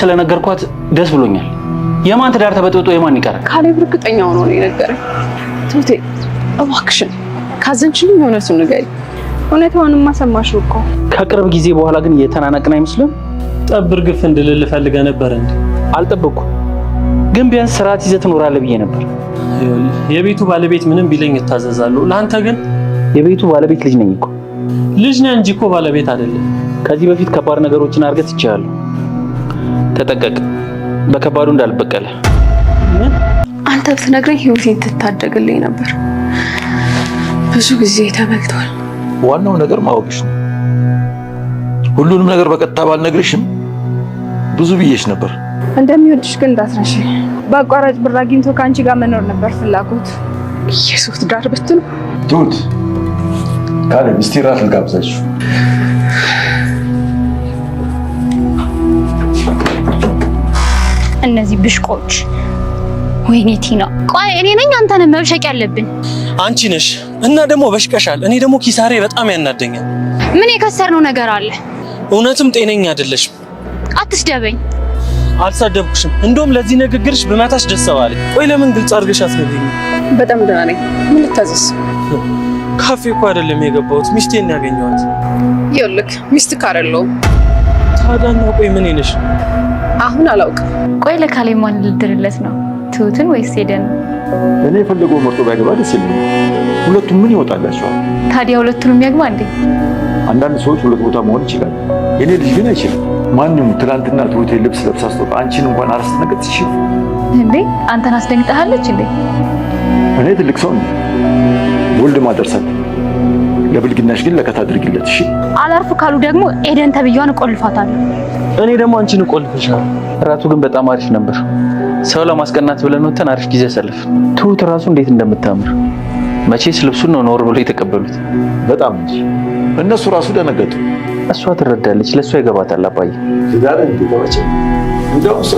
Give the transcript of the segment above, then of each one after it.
ስለነገርኳት ደስ ብሎኛል። የማን ትዳር ተበጥብጦ የማን ይቀራል? ካሌብ እርግጠኛ ሆኖ ነው የነገረኝ። ትሁቴ እባክሽን ካዘንችልኝ የእውነቱን ንገሪኝ። እውነታውንማ ሰማሽው እኮ። ከቅርብ ጊዜ በኋላ ግን የተናነቅን አይመስልም? ጠብር ግፍ እንድልል ፈልገህ ነበር እንዴ? አልጠበቅኩ፣ ግን ቢያንስ ስርዓት ይዘህ ትኖራለህ ብዬ ነበር። የቤቱ ባለቤት ምንም ቢለኝ እታዘዛለሁ። ለአንተ ግን የቤቱ ባለቤት ልጅ ነኝ እኮ። ልጅ ነህ እንጂ እኮ ባለቤት አይደለም። ከዚህ በፊት ከባድ ነገሮችን አድርገህ ትችላለህ ተጠቀቅ፣ በከባዱ እንዳልበቀለ። አንተ ብትነግረኝ ህይወቴን ትታደግልኝ ነበር። ብዙ ጊዜ ተበልቷል። ዋናው ነገር ማወቅሽ ነው። ሁሉንም ነገር በቀጥታ ባልነግርሽም ብዙ ብዬሽ ነበር። እንደሚወድሽ ግን እንዳትረሺ። በአቋራጭ ብር አግኝቶ ከአንቺ ጋር መኖር ነበር ፍላጎት። የሶት ዳር ብትኑ ትሁት ካለ ምስጢራት ልጋብዛችሁ እነዚህ ብሽቆች። ወይኔ ቲና፣ ቆይ እኔ ነኝ አንተን መብሸቅ ያለብን? አንቺ ነሽ። እና ደግሞ በሽቀሻል። እኔ ደግሞ ኪሳሬ በጣም ያናደኛል። ምን የከሰርነው ነገር አለ? እውነትም ጤነኛ አይደለሽም። አትስደበኝ። አልሳደብኩሽም። እንደውም ለዚህ ንግግርሽ ብመታሽ ደስ ባለኝ። ቆይ ለምን ግልጽ አድርገሽ አትነግሪኝ? በጣም ደህና ነኝ። ምን ልታዘዝ? ካፌ እኮ አይደለም የገባሁት፣ ሚስቴን ያገኘኋት። ይኸውልህ ሚስትህ አይደለሁም። ታዲያ ቆይ ምን ይነሽ አሁን አላውቅም። ቆይ ለካሌ ማን ልድርለት ነው? ትሁትን ወይስ ሄደን? እኔ የፈለገው መርጦ ቢያገባ ደስ ይለኝ። ሁለቱም ምን ይወጣላቸዋል? ታዲያ ሁለቱንም የሚያግባ እንዴ? አንዳንድ ሰዎች ሁለት ቦታ መሆን ይችላል። እኔ ልጅ ግን አይችልም። ማንም ትናንትና ትሁቴ ልብስ ለብሳ ስትወጣ አንቺን እንኳን አላስደነገጥ ትችል እንዴ? አንተን አስደንግጠሃለች እንዴ? እኔ ትልቅ ሰው ነኝ። ወልድ ማደርሳት ለብልግናሽ ግን ለከት አድርጊለት። እሺ አላርፍ ካሉ ደግሞ ኤደን ተብያዋን እቆልፋታለሁ። እኔ ደግሞ አንቺን እቆልፍሻለሁ። እራቱ ግን በጣም አሪፍ ነበር። ሰው ለማስቀናት ብለን ወተን አሪፍ ጊዜ አሳለፍ። ትሁት እራሱ እንዴት እንደምታምር መቼስ ልብሱን ነው ኖር ብሎ የተቀበሉት። በጣም እንጂ እነሱ ራሱ ደነገጡ። እሷ ትረዳለች፣ ለእሷ ይገባታል። አባዬ ትዳር እንዴ እንደውም እሷ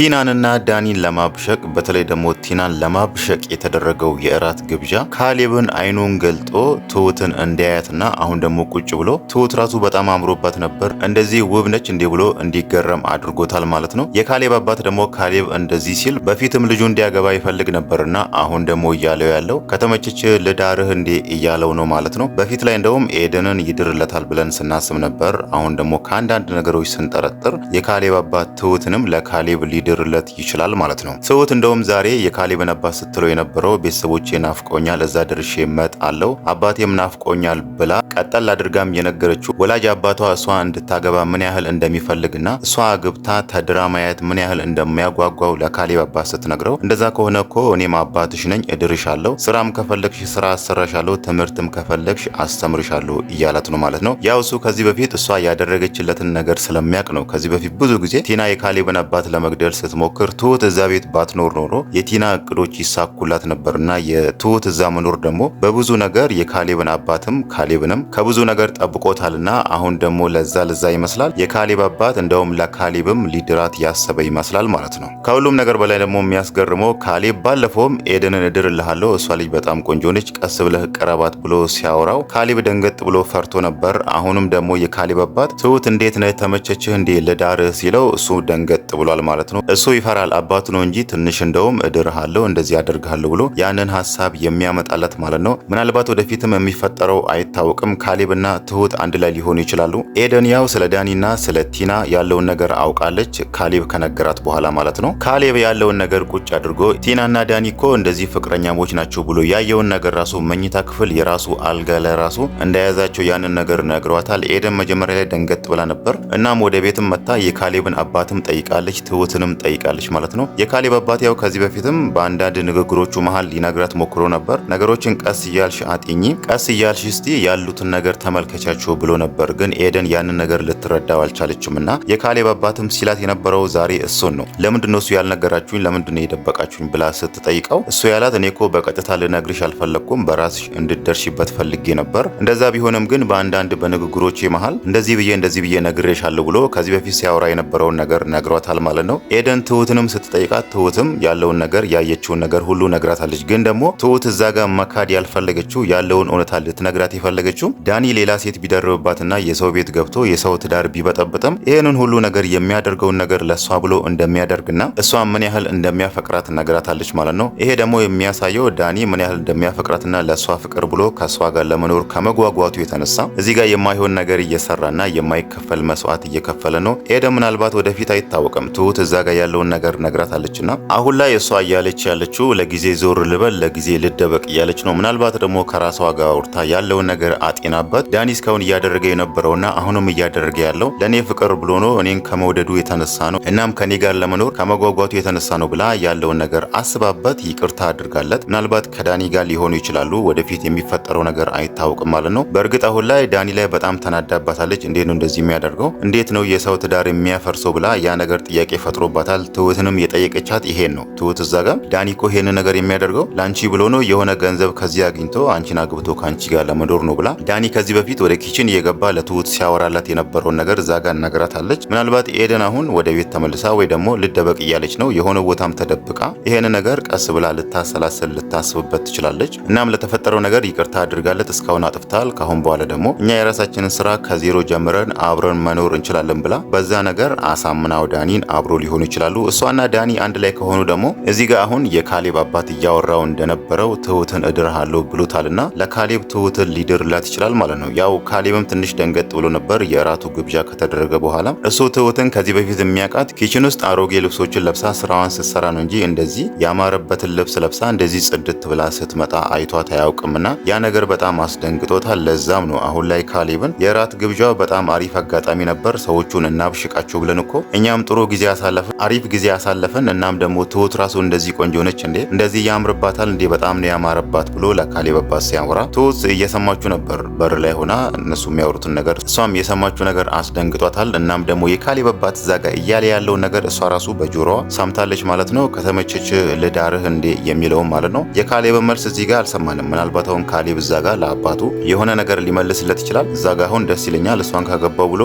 ቲናንና ዳኒን ለማብሸቅ በተለይ ደግሞ ቲናን ለማብሸቅ የተደረገው የእራት ግብዣ ካሌብን አይኑን ገልጦ ትሁትን እንዲያያትና አሁን ደግሞ ቁጭ ብሎ ትሁት ራሱ በጣም አምሮባት ነበር፣ እንደዚህ ውብ ነች እንዲህ ብሎ እንዲገረም አድርጎታል ማለት ነው። የካሌብ አባት ደግሞ ካሌብ እንደዚህ ሲል በፊትም ልጁ እንዲያገባ ይፈልግ ነበርና አሁን ደግሞ እያለው ያለው ከተመቸች ልዳርህ እንዴ እያለው ነው ማለት ነው። በፊት ላይ እንደውም ኤደንን ይድርለታል ብለን ስናስብ ነበር። አሁን ደግሞ ከአንዳንድ ነገሮች ስንጠረጥር የካሌብ አባት ትሁትንም ለካሌብ ሊድ ሊያድርለት ይችላል ማለት ነው። ትሁት እንደውም ዛሬ የካሌብን አባት ስትለው የነበረው ቤተሰቦቼ ናፍቆኛል፣ እዛ ደርሼ መጣለው፣ አባቴም ናፍቆኛል ብላ ቀጠል አድርጋም የነገረችው ወላጅ አባቷ እሷ እንድታገባ ምን ያህል እንደሚፈልግና እሷ ግብታ ተድራ ማየት ምን ያህል እንደሚያጓጓው ለካሌብ አባት ስትነግረው እንደዛ ከሆነ እኮ እኔም አባትሽ ነኝ እድርሻለሁ፣ ስራም ከፈለግሽ ስራ አሰራሻለሁ፣ ትምህርትም ከፈለግሽ አስተምርሻለሁ እያላት ነው ማለት ነው። ያው እሱ ከዚህ በፊት እሷ ያደረገችለትን ነገር ስለሚያውቅ ነው። ከዚህ በፊት ብዙ ጊዜ ቲና የካሌብን አባት ለመግደል ስትሞክር ትሁት እዛ ቤት ባትኖር ኖሮ የቲና እቅዶች ይሳኩላት ነበርና የትሁት እዛ መኖር ደግሞ በብዙ ነገር የካሌብን አባትም ካሌብንም ከብዙ ነገር ጠብቆታልና አሁን ደግሞ ለዛ ለዛ ይመስላል የካሌብ አባት እንደውም ለካሌብም ሊድራት ያሰበ ይመስላል ማለት ነው። ከሁሉም ነገር በላይ ደግሞ የሚያስገርመው ካሌብ ባለፈውም ኤደንን እድርልሃለሁ እሷ ልጅ በጣም ቆንጆ ነች፣ ቀስ ብለህ ቅረባት ብሎ ሲያወራው ካሌብ ደንገጥ ብሎ ፈርቶ ነበር። አሁንም ደግሞ የካሌብ አባት ትሁት እንዴት ነህ ተመቸችህ እንዴ ልዳርህ ሲለው እሱ ደንገጥ ብሏል ማለት ነው። እሱ ይፈራል አባቱ ነው እንጂ ትንሽ እንደውም እድርሃለሁ እንደዚህ አደርግሃለሁ ብሎ ያንን ሀሳብ የሚያመጣለት ማለት ነው። ምናልባት ወደፊትም የሚፈጠረው አይታወቅም። ካሌብ ትሁት አንድ ላይ ሊሆኑ ይችላሉ። ኤደን ያው ስለ ዳኒና ስለ ቲና ያለውን ነገር አውቃለች፣ ካሌብ ከነገራት በኋላ ማለት ነው። ካሌብ ያለውን ነገር ቁጭ አድርጎ ቲናና ዳኒ እኮ እንደዚህ ፍቅረኛሞች ናቸው ብሎ ያየውን ነገር ራሱ መኝታ ክፍል የራሱ አልጋ ላይ ራሱ እንደያዛቸው ያንን ነገር ነግሯታል። ኤደን መጀመሪያ ላይ ደንገጥ ብላ ነበር። እናም ወደ ቤትም መታ የካሌብን አባትም ጠይቃለች፣ ትሁትንም ጠይቃለች ማለት ነው። የካሌብ አባት ያው ከዚህ በፊትም በአንዳንድ ንግግሮቹ መሀል ሊነግራት ሞክሮ ነበር። ነገሮችን ቀስ እያልሽ አጤኝ ቀስ እያልሽ እስቲ ያሉት ያሉትን ነገር ተመልከቻችሁ ብሎ ነበር። ግን ኤደን ያንን ነገር ልትረዳው አልቻለችም እና የካሌብ አባትም ሲላት የነበረው ዛሬ እሱን ነው። ለምንድን ነው እሱ ያልነገራችሁኝ? ለምንድን ነው የደበቃችሁኝ? ብላ ስትጠይቀው እሱ ያላት እኔ ኮ በቀጥታ ልነግርሽ አልፈለግኩም፣ በራስሽ እንድደርሽበት ፈልጌ ነበር። እንደዛ ቢሆንም ግን በአንዳንድ በንግግሮቼ መሀል እንደዚህ ብዬ እንደዚህ ብዬ ነግሬሻለሁ ብሎ ከዚህ በፊት ሲያወራ የነበረውን ነገር ነግሯታል ማለት ነው። ኤደን ትሁትንም ስትጠይቃት ትሁትም ያለውን ነገር ያየችውን ነገር ሁሉ ነግራታለች። ግን ደግሞ ትሁት እዛ ጋር መካድ ያልፈለገችው ያለውን እውነታ ልትነግራት የፈለገችው አልገባችሁም። ዳኒ ሌላ ሴት ቢደርብባትና የሰው ቤት ገብቶ የሰው ትዳር ቢበጠብጥም ይህንን ሁሉ ነገር የሚያደርገውን ነገር ለእሷ ብሎ እንደሚያደርግና እሷ ምን ያህል እንደሚያፈቅራት ነግራታለች ማለት ነው። ይሄ ደግሞ የሚያሳየው ዳኒ ምን ያህል እንደሚያፈቅራትና ለእሷ ፍቅር ብሎ ከእሷ ጋር ለመኖር ከመጓጓቱ የተነሳ እዚህ ጋር የማይሆን ነገር እየሰራና የማይከፈል መስዋዕት እየከፈለ ነው። ይሄ ምናልባት ወደፊት አይታወቅም። ትሁት እዛ ጋር ያለውን ነገር ነግራታለችና አሁን ላይ እሷ እያለች ያለችው ለጊዜ ዞር ልበል፣ ለጊዜ ልደበቅ እያለች ነው። ምናልባት ደግሞ ከራሷ ጋር አውርታ ያለውን ነገር ጤና አባት ዳኒ እስካሁን እያደረገ የነበረውና አሁንም እያደረገ ያለው ለእኔ ፍቅር ብሎ ነው እኔን ከመውደዱ የተነሳ ነው እናም ከኔ ጋር ለመኖር ከመጓጓቱ የተነሳ ነው ብላ ያለውን ነገር አስባበት ይቅርታ አድርጋለት ምናልባት ከዳኒ ጋር ሊሆኑ ይችላሉ። ወደፊት የሚፈጠረው ነገር አይታወቅም ማለት ነው። በእርግጥ አሁን ላይ ዳኒ ላይ በጣም ተናዳባታለች። እንዴት ነው እንደዚህ የሚያደርገው? እንዴት ነው የሰው ትዳር የሚያፈርሰው? ብላ ያ ነገር ጥያቄ ፈጥሮባታል። ትሁትንም የጠየቀቻት ይሄን ነው። ትሁት እዛ ጋር ዳኒ እኮ ይሄን ነገር የሚያደርገው ለአንቺ ብሎ ነው የሆነ ገንዘብ ከዚህ አግኝቶ አንቺን አግብቶ ከአንቺ ጋር ለመኖር ነው ብላ ዳኒ ከዚህ በፊት ወደ ኪችን እየገባ ለትሁት ሲያወራላት የነበረውን ነገር ዛጋ ጋር ምናልባት ኤደን አሁን ወደ ቤት ተመልሳ ወይ ደግሞ ልደበቅ እያለች ነው። የሆነ ቦታም ተደብቃ ይሄን ነገር ቀስ ብላ ልታሰላሰል ልታስብበት ትችላለች። እናም ለተፈጠረው ነገር ይቅርታ አድርጋለት እስካሁን አጥፍታል፣ ካሁን በኋላ ደግሞ እኛ የራሳችንን ስራ ከዜሮ ጀምረን አብረን መኖር እንችላለን ብላ በዛ ነገር አሳምናው ዳኒን አብሮ ሊሆኑ ይችላሉ። እሷና ዳኒ አንድ ላይ ከሆኑ ደግሞ እዚህ ጋር አሁን የካሌብ አባት እያወራው እንደነበረው ትሁትን እድርሃለሁ ብሎታልና ለካሌብ ትሁትን ሊድርላት ይችላል ይችላል ማለት ነው። ያው ካሌብም ትንሽ ደንገጥ ብሎ ነበር የእራቱ ግብዣ ከተደረገ በኋላ። እሱ ትሁትን ከዚህ በፊት የሚያውቃት ኪችን ውስጥ አሮጌ ልብሶችን ለብሳ ስራዋን ስትሰራ ነው እንጂ እንደዚህ ያማረበትን ልብስ ለብሳ እንደዚህ ጽድት ብላ ስትመጣ አይቷት አያውቅምና ያ ነገር በጣም አስደንግጦታል። ለዛም ነው አሁን ላይ ካሌብን የእራት ግብዣው በጣም አሪፍ አጋጣሚ ነበር፣ ሰዎቹን እናብሽቃችሁ ብለን እኮ እኛም ጥሩ ጊዜ አሳለፍን፣ አሪፍ ጊዜ አሳለፍን። እናም ደግሞ ትሁት ራሱ እንደዚህ ቆንጆ ነች እንዴ፣ እንደዚህ ያምርባታል እንዴ፣ በጣም ነው ያማረባት ብሎ ለካሌብ አባት ሲያወራ ትሁት እየሰማችሁ ነበር በር ላይ ሆና እነሱ የሚያወሩትን ነገር እሷም የሰማችው ነገር አስደንግጧታል። እናም ደግሞ የካሌበባት እዛ ጋር እያለ ያለውን ነገር እሷ ራሱ በጆሮዋ ሰምታለች ማለት ነው። ከተመቸች ልዳርህ እንዴ የሚለውም ማለት ነው። የካሌብ መልስ እዚህ ጋር አልሰማንም። ምናልባት አሁን ካሌብ እዛ ጋር ለአባቱ የሆነ ነገር ሊመልስለት ይችላል። እዛ ጋር አሁን ደስ ይለኛል እሷን ካገባው ብሎ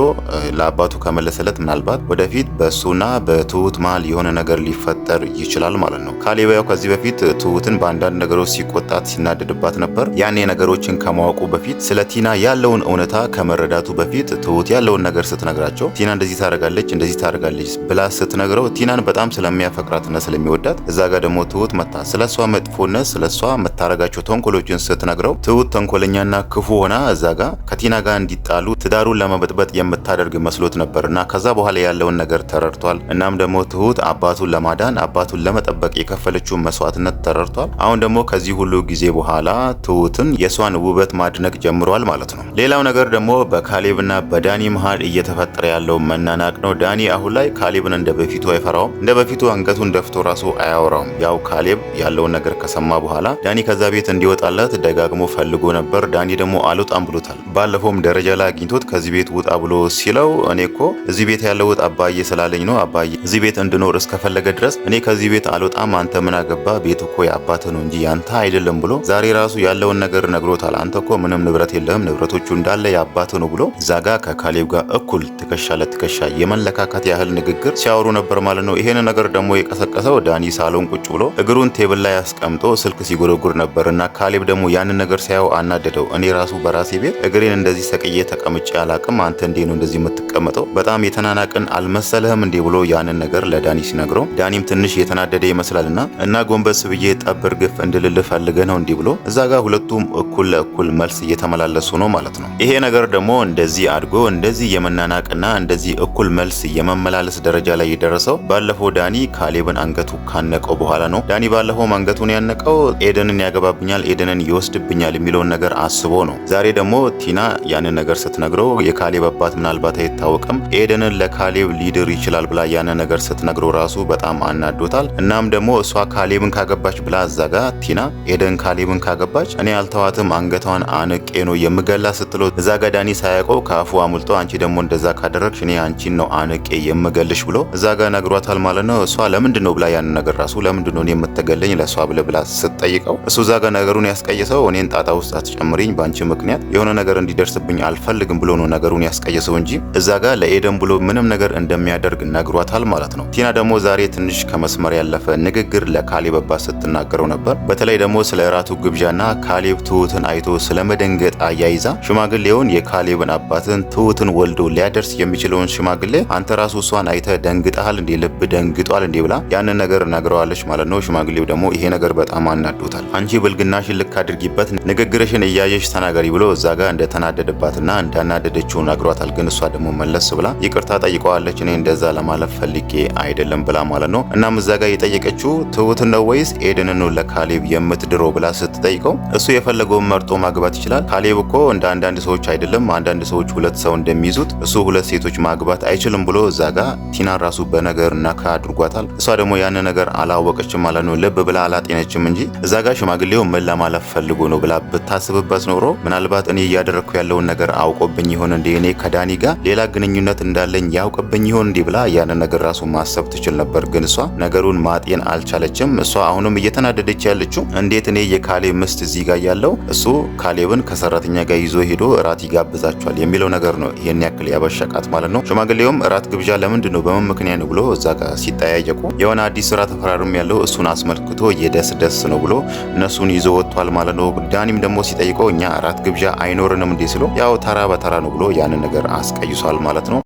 ለአባቱ ከመለሰለት ምናልባት ወደፊት በእሱና በትሁት መሀል የሆነ ነገር ሊፈጠር ይችላል ማለት ነው። ካሌብ ያው ከዚህ በፊት ትሁትን በአንዳንድ ነገሮች ሲቆጣት ሲናደድባት ነበር። ያኔ ነገሮችን ከማወቁ በፊት ስለ ቲና ያለውን እውነታ ከመረዳቱ በፊት ትሁት ያለውን ነገር ስትነግራቸው ቲና እንደዚህ ታደርጋለች እንደዚህ ታደርጋለች ብላ ስትነግረው ቲናን በጣም ስለሚያፈቅራትና ስለሚወዳት እዛ ጋር ደግሞ ትሁት መታ ስለ እሷ መጥፎነት ስለ እሷ መታረጋቸው ተንኮሎችን ስትነግረው ትሁት ተንኮለኛና ክፉ ሆና እዛ ጋር ከቲና ጋር እንዲጣሉ ትዳሩን ለመበጥበጥ የምታደርግ መስሎት ነበር እና ከዛ በኋላ ያለውን ነገር ተረድቷል። እናም ደግሞ ትሁት አባቱን ለማዳን አባቱን ለመጠበቅ የከፈለችውን መስዋዕትነት ተረድቷል። አሁን ደግሞ ከዚህ ሁሉ ጊዜ በኋላ ትሁትን የእሷን ውበት ማድነቅ ጀምሮ ጨምሯል ማለት ነው። ሌላው ነገር ደግሞ በካሌብና በዳኒ መሀል እየተፈጠረ ያለው መናናቅ ነው። ዳኒ አሁን ላይ ካሌብን እንደ በፊቱ አይፈራውም። እንደ በፊቱ አንገቱን ደፍቶ ራሱ አያወራውም። ያው ካሌብ ያለውን ነገር ከሰማ በኋላ ዳኒ ከዛ ቤት እንዲወጣለት ደጋግሞ ፈልጎ ነበር። ዳኒ ደግሞ አልወጣም ብሎታል። ባለፈውም ደረጃ ላይ አግኝቶት ከዚህ ቤት ውጣ ብሎ ሲለው እኔ እኮ እዚህ ቤት ያለውት አባዬ ስላለኝ ነው አባዬ እዚህ ቤት እንድኖር እስከፈለገ ድረስ እኔ ከዚህ ቤት አልወጣም። አንተ ምን አገባ? ቤት እኮ የአባት ነው እንጂ ያንተ አይደለም ብሎ ዛሬ ራሱ ያለውን ነገር ነግሮታል። አንተ እኮ ምንም ንብረት ንብረት የለህም፣ ንብረቶቹ እንዳለ የአባት ነው ብሎ እዛ ጋ ከካሌብ ጋር እኩል ትከሻ ለትከሻ የመለካካት ያህል ንግግር ሲያወሩ ነበር ማለት ነው። ይሄን ነገር ደግሞ የቀሰቀሰው ዳኒ ሳሎን ቁጭ ብሎ እግሩን ቴብል ላይ አስቀምጦ ስልክ ሲጎረጉር ነበር እና ካሌብ ደግሞ ያንን ነገር ሲያየው አናደደው። እኔ ራሱ በራሴ ቤት እግሬን እንደዚህ ሰቅዬ ተቀምጬ አላቅም፣ አንተ እንዴ ነው እንደዚህ የምትቀመጠው? በጣም የተናናቅን አልመሰለህም እንዴ ብሎ ያንን ነገር ለዳኒ ሲነግረው ዳኒም ትንሽ የተናደደ ይመስላል እና እና ጎንበስ ብዬ ጠብር ግፍ እንድልልፈልገ ነው እንዲህ ብሎ እዛ ጋር ሁለቱም እኩል ለእኩል መልስ እየተማ እየተመላለሱ ነው ማለት ነው። ይሄ ነገር ደግሞ እንደዚህ አድጎ እንደዚህ የመናናቅና እንደዚህ እኩል መልስ የመመላለስ ደረጃ ላይ የደረሰው ባለፈው ዳኒ ካሌብን አንገቱ ካነቀው በኋላ ነው። ዳኒ ባለፈውም አንገቱን ያነቀው ኤደንን ያገባብኛል፣ ኤደንን ይወስድብኛል የሚለውን ነገር አስቦ ነው። ዛሬ ደግሞ ቲና ያንን ነገር ስትነግረው የካሌብ አባት ምናልባት አይታወቅም ኤደንን ለካሌብ ሊድር ይችላል ብላ ያንን ነገር ስትነግረው ራሱ በጣም አናዶታል። እናም ደግሞ እሷ ካሌብን ካገባች ብላ እዛ ጋ ቲና ኤደን ካሌብን ካገባች እኔ አልተዋትም አንገቷን አንቄ ነው የምገላ ስትለው እዛ ጋ ዳኒ ሳያውቀው ከአፉ አሙልጦ አንቺ ደግሞ እንደዛ ካደረግሽ እኔ አንቺን ነው አንቄ የምገልሽ ብሎ እዛ ጋ ነግሯታል ማለት ነው። እሷ ለምንድን ነው ብላ ያን ነገር ራሱ ለምንድን ነው የምትገለኝ ለእሷ ብለ ብላ ስትጠይቀው እሱ እዛ ጋ ነገሩን ያስቀየሰው እኔን ጣጣ ውስጥ አትጨምሪኝ፣ በአንቺ ምክንያት የሆነ ነገር እንዲደርስብኝ አልፈልግም ብሎ ነው ነገሩን ያስቀየሰው እንጂ እዛ ጋ ለኤደን ብሎ ምንም ነገር እንደሚያደርግ ነግሯታል ማለት ነው። ቲና ደግሞ ዛሬ ትንሽ ከመስመር ያለፈ ንግግር ለካሌብ አባት ስትናገረው ነበር። በተለይ ደግሞ ስለ እራቱ ግብዣና ካሌብ ትሁትን አይቶ ስለመደንገጥ በመግለጥ አያይዛ ሽማግሌውን የካሌብን አባትን ትሁትን ወልዶ ሊያደርስ የሚችለውን ሽማግሌ አንተ ራሱ እሷን አይተ ደንግጠሃል እንዴ? ልብ ደንግጧል እንዴ? ብላ ያንን ነገር ነግረዋለች ማለት ነው። ሽማግሌው ደግሞ ይሄ ነገር በጣም አናዶታል። አንቺ ብልግናሽን ልክ አድርጊበት፣ ንግግርሽን እያየሽ ተናገሪ ብሎ እዛ ጋር እንደተናደደባትና እንዳናደደችው ነግሯታል። ግን እሷ ደግሞ መለስ ብላ ይቅርታ ጠይቀዋለች። እኔ እንደዛ ለማለፍ ፈልጌ አይደለም ብላ ማለት ነው። እናም እዛ ጋር የጠየቀችው ትሁትን ነው ወይስ ኤደንን ለካሌብ የምትድሮ ብላ ስትጠይቀው እሱ የፈለገውን መርጦ ማግባት ይችላል ካሌብ እኮ እንደ አንዳንድ ሰዎች አይደለም። አንዳንድ ሰዎች ሁለት ሰው እንደሚይዙት እሱ ሁለት ሴቶች ማግባት አይችልም ብሎ እዛ ጋ ቲና ራሱ በነገር ነካ አድርጓታል። እሷ ደግሞ ያን ነገር አላወቀችም ማለት ነው። ልብ ብላ አላጤነችም እንጂ እዛ ጋ ሽማግሌው ምን ለማለፍ ፈልጎ ነው ብላ ብታስብበት ኖሮ ምናልባት እኔ እያደረግኩ ያለውን ነገር አውቆብኝ ይሆን እንዴ፣ እኔ ከዳኒ ጋር ሌላ ግንኙነት እንዳለኝ ያውቅብኝ ይሆን እንዲህ ብላ ያንን ነገር ራሱ ማሰብ ትችል ነበር። ግን እሷ ነገሩን ማጤን አልቻለችም። እሷ አሁንም እየተናደደች ያለችው እንዴት እኔ የካሌብ ምስት እዚህ ጋር ያለው እሱ ካሌብን ከሰ ሰራተኛ ጋር ይዞ ሄዶ እራት ይጋብዛቸዋል የሚለው ነገር ነው ይህን ያክል ያበሸቃት ማለት ነው። ሽማግሌውም እራት ግብዣ ለምንድን ነው በምን ምክንያት ነው ብሎ እዛ ጋር ሲጠያየቁ የሆነ አዲስ ስራ ተፈራርም ያለው እሱን አስመልክቶ የደስ ደስ ነው ብሎ እነሱን ይዞ ወጥቷል ማለት ነው። ዳኒም ደግሞ ሲጠይቀው እኛ እራት ግብዣ አይኖርንም እንዴ ስለው ያው ተራ በተራ ነው ብሎ ያንን ነገር አስቀይሷል ማለት ነው።